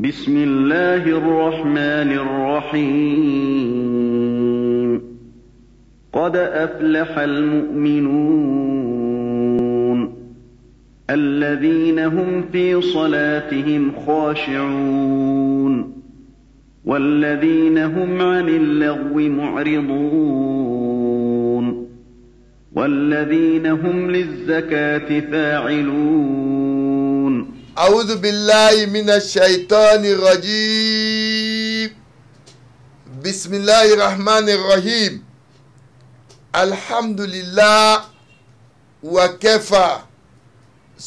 بسم الله الرحمن الرحيم قد أفلح المؤمنون الذين هم في صلاتهم خاشعون والذين هم عن اللغو معرضون والذين هم للزكاة فاعلون أعوذ بالله من الشيطان الرجيم بسم الله الرحمن الرحيم الحمد لله وكفى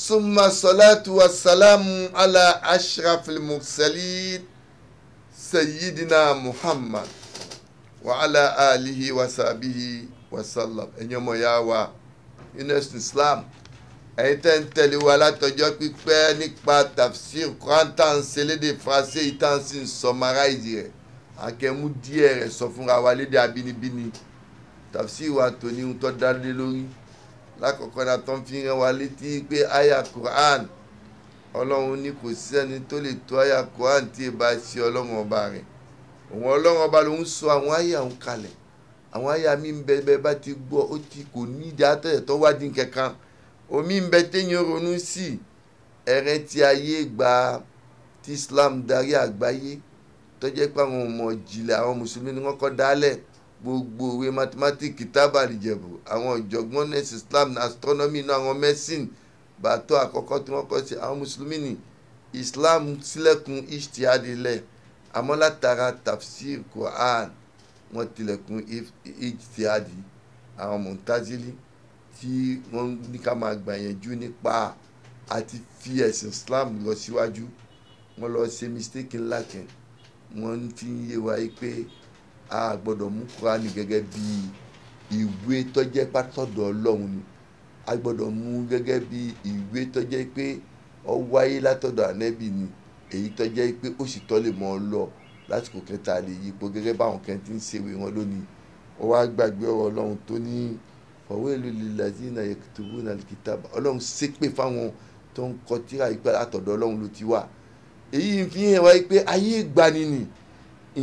ثم الصلاة والسلام على أشرف المرسلين سيدنا محمد وعلى آله وصحبه وسلم إن يوم ياوى إن Islam ẹ̀yin tẹ́ ń tẹ̀lé wa látọjọ́ pípẹ́ nípa tafsir Quran tá à ń ṣe lédè faransé yìí tá à ń sì ń sọmaráìzì rẹ̀ akẹ́mú díẹ̀ rẹ̀ sọ fúnra wa lédè abínibíni tafsir wa tó ní ohun tó dá lé lórí lákọ̀ọ́kọ́ náà tó ń fi rán wa létí pé aya Quran ọlọ́run ní kò sẹ́ni tó lè tó aya Quran tí ì bá ṣe ọlọ́run ọba rẹ̀ òun ọlọ́run ọba ló ń sọ àwọn aya òun kalẹ̀ àwọn aya mi ń bá ti gbọ́ ó ti kò ní ìdí àtẹ̀tọ́ wádìí kankan omi ń bẹ téèyàn ronú sí ẹrẹ tí ayé gba tí Islam darí àgbáyé tó jẹ́ pé àwọn ọmọ ìjìnlẹ̀ àwọn mùsùlùmí ni wọ́n kọ́ dálẹ̀ gbogbo ìwé mathematics tábàlì jẹ̀bù àwọn ìjọ̀gbọ́n nurse Islam astronomy náà àwọn medicine bàtọ́ àkọ́kọ́ tí wọ́n kọ́ sí àwọn mùsùlùmí ni Islam sílẹ̀kùn ijtihadilẹ̀ àmọ́ tafsir Quran wọ́n tilẹ̀kùn ijtihadi àwọn Mu'tazili tí wọ́n ní ká máa gbàyànjú nípa àti fi ẹ̀sìn Islam lọ síwájú wọ́n lọ ṣe mistake ńlá kan wọ́n ti ń yé wa pé a gbọ́dọ̀ mú Kúránì gẹ́gẹ́ bí ìwé tó jẹ́ pátọ́dọ̀ Ọlọ́run ni a gbọ́dọ̀ mú gẹ́gẹ́ bí ìwé tó jẹ́ pé ó wáyé látọ̀dọ̀ ànẹ́bì ni èyí tó jẹ́ pé ó sì tọ́ lè mọ́ ọ lọ lásìkò kẹta lè yípo gẹ́gẹ́ báwọn kan ti ń ṣèwé wọn lónìí ó wá gbàgbé ọ̀rọ̀ Ọlọ́run tó ní fọwọ́lù lilazina yaktubuna alkitaba ọlọ́run ṣépè fáwọn tó ń kọ tírà yìí pé àtọ̀dọ̀ ọlọ́run ló ti wá èyí ń fi hàn wáyé pé ayé ìgbani ni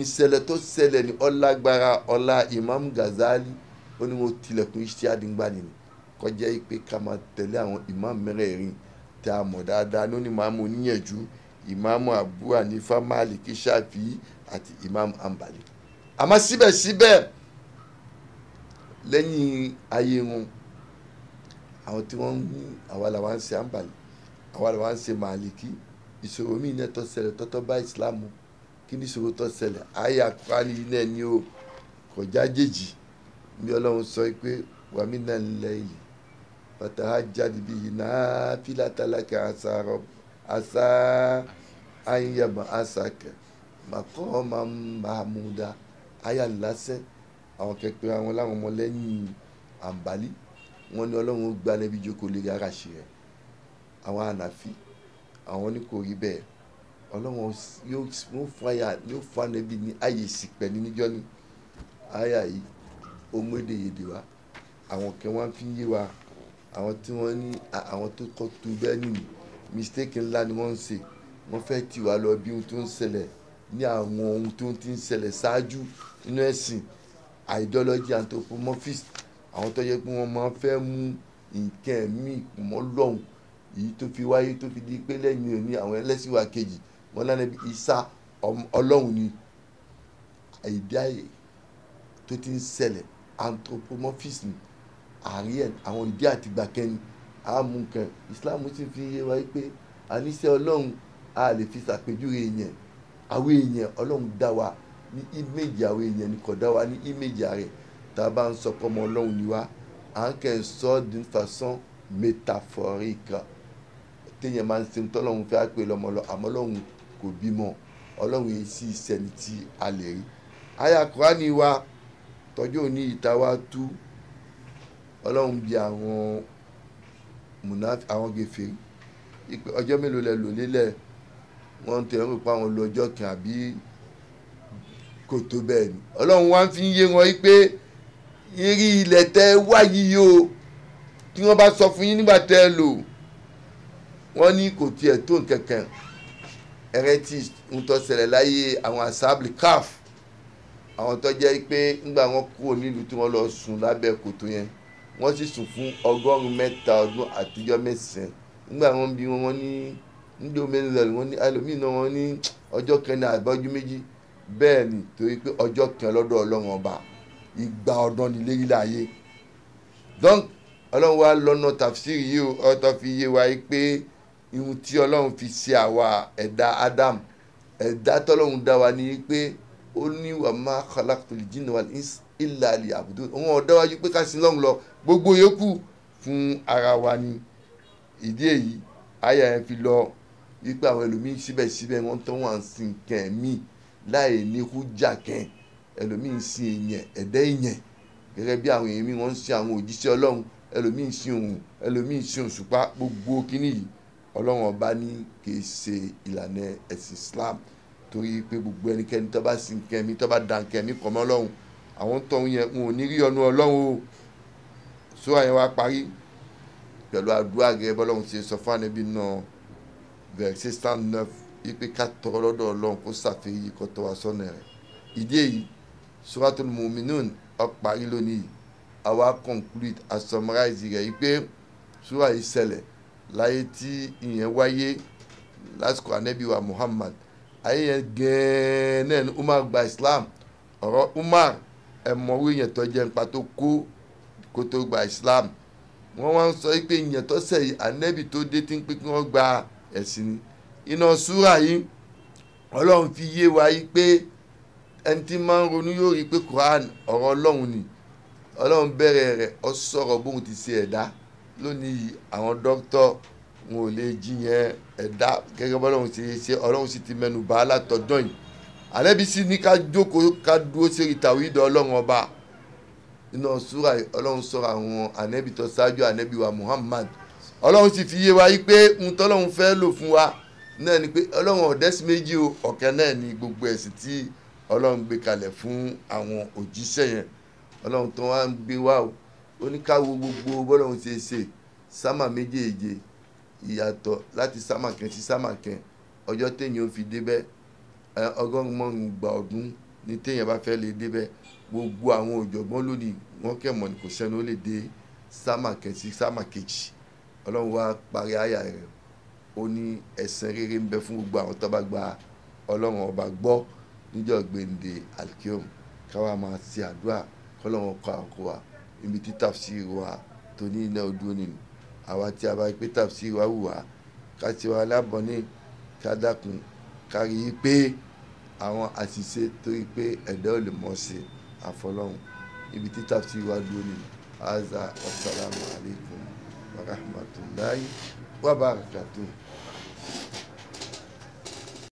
ìṣẹ̀lẹ̀ tó ṣẹlẹ̀ ní ọlágbára ọlá Imam Ghazali ó ní wọn tilẹ̀kùn iṣẹ́ àdíngbani ni kọjá yìí pé ká máa tẹ̀lé àwọn imam mẹ́rẹ̀ẹ̀rin tá a mọ̀ dáadáa ní onímọ̀ oníyànjú ìmáàmù Abu Hanifa Malik Shafi àti imam Ambali àmọ́ síbẹ̀síbẹ̀ lẹ́yìn ayé wọn àwọn tí wọ́n ń mú àwa làwa ń ṣe àǹbàlì àwa làwa ń ṣe màálìkì ìṣòro míì náà tó ṣẹlẹ̀ tọ́tọ́ bá ìsìláàmù kí ni ìṣòro tó ṣẹlẹ̀ ayé àkọ́ni náà ni ó kọjá jèjì bí ọlọ́run sọ pé wàmí náà ń lẹ ilẹ̀ bàtà ajáde bíi iná fílàtàlákà àṣà àyìnyàmọ̀ àṣà kẹ màkọ́ ọmọ àwọn kẹpẹ àwọn láwọn ọmọlẹ́yìn àǹbálí wọn ní ọlọ́run gba lẹ́bi jókòó lè rárá ṣe rẹ̀ àwọn ànàfi àwọn ní kò rí bẹ́ẹ̀ ọlọ́run yóò fàyà yóò fà nẹ́bi ní ààyè ìsìpẹ́ ní níjọ́ ni àyà yìí ó mú èdè yèdè wá àwọn kẹ wọn fi yé wa àwọn tí wọ́n ní àwọn tó kọ́ tu bẹ́ẹ̀ nìyí mistake ńlá ni wọ́n ń ṣe wọ́n fẹ́ tì wá lọ bí ohun tó ń ṣẹlẹ̀ ní àwọn ohun tó ti ń ṣẹlẹ̀ ṣáájú nínú ẹ̀sìn ideology anthropomorphist àwọn tó yẹ pé wọ́n máa fẹ́ mú nǹkan ẹ̀mí ìkùmọ́ lọ́hùn èyí tó fi wáyé tó fi di pé lẹ́yìn òní àwọn ẹlẹ́sìn wa kejì wọn lánàá bí isa ọlọ́hun ni ìdáyè tó ti ń ṣẹlẹ̀ anthropomorphism àríyàn àwọn ìdí àtìgbà kẹni àmúkẹ islam ti fi yé wa pé àníṣe ọlọ́hun a lè fi ṣàpèjúwe èèyàn àwọn èèyàn ọlọ́hun dá wa ní íméèjì àwọn èèyàn ní kọ̀dá wa ní íméèjì rẹ̀ tá a bá ń sọ pọ́mọ ọlọ́run ni wá à ń kẹ́ ń sọ d'une façon métaphorique téèyàn máa ń ṣe tọ́lọ́run fẹ́ pé lọ́mọ lọ àmọ́ ọlọ́run kò bímọ ọlọ́run yìí sì sẹ́ni tí a lè rí. àyà kúránì wa tọ́jú òní ìta wa tú ọlọ́run bí àwọn mùnáfi àwọn gèfèrí ọjọ́ mélòó lẹ lò nílẹ̀ wọ́n ń tẹ̀ ẹ́ rò pé àwọn lọ́jọ́ kan àbí kò tó bẹ́ẹ̀ ni ọlọ́run wá ń fi yé wọn pé eré ilẹ̀ tẹ́ wáyé yìí o tí wọ́n bá sọ fún yín nígbà tẹ́ ẹ lò wọ́n ní kò tiẹ̀ tó nkankan ẹ̀rẹ́tì ń tó ṣẹlẹ̀ láyé àwọn asábìlì caf àwọn tó jẹ́ pé ńgbà wọn kúrò nílùú tí wọ́n lọ sùn lábẹ́ kòtò yẹn wọ́n sì sùn fún ọgọ́rùn-ún mẹ́ta ọdún àtijọ́ mẹ́sàn-án ńgbà wọn bí wọn ní ńdómẹ́ńlẹ̀ wọn ní alòmínà wọn ní ọjọ́ kan ní méjì bẹ́ẹ̀ ni torí pé ọjọ́ kan lọ́dọ̀ ọlọ́run ọba ìgbà ọdún ni lérí láàyè donc ọlọ́run wa lọ́nà tafsiri yìí ó tó fi yé wa pé ihun tí ọlọ́run fi ṣe àwa ẹ̀dá Adam ẹ̀dá tọ́lọ́run dá wa ni pé ó ní wa ma khalaqtul jinna wal insa illa liya'budun òun ọ̀dọ́ wájú pé ká sin lọ́run lọ gbogbo yòókù fún ara wa ni ìdí èyí àyà yẹn fi lọ wípé àwọn ẹlòmíín síbẹ̀síbẹ̀ wọ́n tó wà ń sin kẹ̀mí láì ní hújà kẹ́ẹ̀ ẹlòmíì ń sin èèyàn ẹ̀dẹ́ èèyàn gẹ́gẹ́ bí àwọn èèyàn mi wọ́n ń sin àwọn òjíṣẹ́ ọlọ́run ẹlòmíì ń sin òun ẹlòmíì ń sin òṣùpá gbogbo kínní yìí ọlọ́run ọba ní kìí ṣe ìlànà ẹ̀sìn Islam torí pé gbogbo ẹnikẹ́ni tó bá sin kẹ́mi tó bá dan kẹ́mi kọ́ mọ́ ọlọ́run àwọn tó ń yẹ wọn ò ní rí ọnu ọlọ́run o sọ àyẹn wá parí pẹ̀lú àdúrà gẹ́gẹ́ bọ́lọ́run ṣe sọ fún ànábì náà verse sixty ipe ká tọrọ lọ́dọ̀ ọlọ́run kó ṣàfihàn kó tọ́ wa sọ́nà rẹ̀ ìdí èyí suratul muminun ọparí lónìí àwa conclude a summarize rẹ̀ ipe sura yìí láyé tí ìyẹn wáyé lásìkò anabi wa muhammad ayé yẹn gẹ́ẹ́ umar gba islam ọ̀rọ̀ umar ẹ̀mọ́wé yẹn tó jẹ́ nípa tó kó kó tó gba islam wọ́n wá ń sọ pé ìyẹn tó sẹ̀yìn anabi tó dé tí ń pé wọ́n gba ẹ̀sìn ni iná súrà yìí ọlọ́run fi yé wa yìí pé ẹni tí máa ń ronú yóò rí i pé Quran ọ̀rọ̀ ọlọ́run ni ọlọ́run bẹ̀rẹ̀ rẹ̀ ọ sọ̀rọ̀ bóun ti ṣe ẹ̀dá lónìí yìí àwọn dókítọ̀ wọn ò lè jiyàn ẹ̀dá gẹ́gẹ́ bọ́lọ́run ṣe ṣe ọlọ́run sì ti mẹ́nu bá látọ̀dọ̀ yìí àlẹ́bí sì ní ká jókòó ká dúró sí ìtàwídọ̀ ọlọ́run ọba nínú súrà ọlọ́run sọ̀rọ̀ àwọn ànẹ́bí tó ṣáájú ànẹ́bí wa Muhammad ọlọ́run sì fi yé wa yìí pé ń tọ́lọ́run fẹ́ lò fún wa náà ni pé ọlọ́run ọ̀dẹ́sí méjì o ọ̀kan náà ni gbogbo ẹ̀sìn tí ọlọ́run gbé kalẹ̀ fún àwọn òjíṣẹ́ yẹn ọlọ́run tó wá ń gbé wá o oníkàwọ́ gbogbo bọ́lọ́run ṣe ṣe sámà méjèèje ìyàtọ̀ láti sámà kan sí sámà kan ọjọ́ téèyàn ó fi débẹ̀ ọgọ́rùn mọ́rùn gba ọdún ní téèyàn bá fẹ́ lè débẹ̀ gbogbo àwọn òjọ̀gbọ́n lónìí wọ́n kẹ̀mọ́ ni kò sẹ́ni ó lè dé sámà kan sí sámà kejì ọlọ́run wá parí àyà rẹ̀ ó ní ẹ̀san rere ń bẹ fún gbogbo àwọn tó bá gba ọlọ́run ọba gbọ́ níjọ́ gbèǹde alkiom káwa máa ṣe àdúrà kọ́lọ́run kọ́ àkọ́ wa ibi tí tafsir wa tó ní iná ọdún nínú àwa tí a bá pé tafsir wa wù wá ká ti wá lábọ̀ ní ká dákun ká rí i pé àwọn àṣìṣe torí pé ẹ̀dá ò lè mọ̀ sí àfọlọ́run ibi tí tafsir wa dúró nínú aza assalamu alaikum wa rahmatullahi wa barakatuh.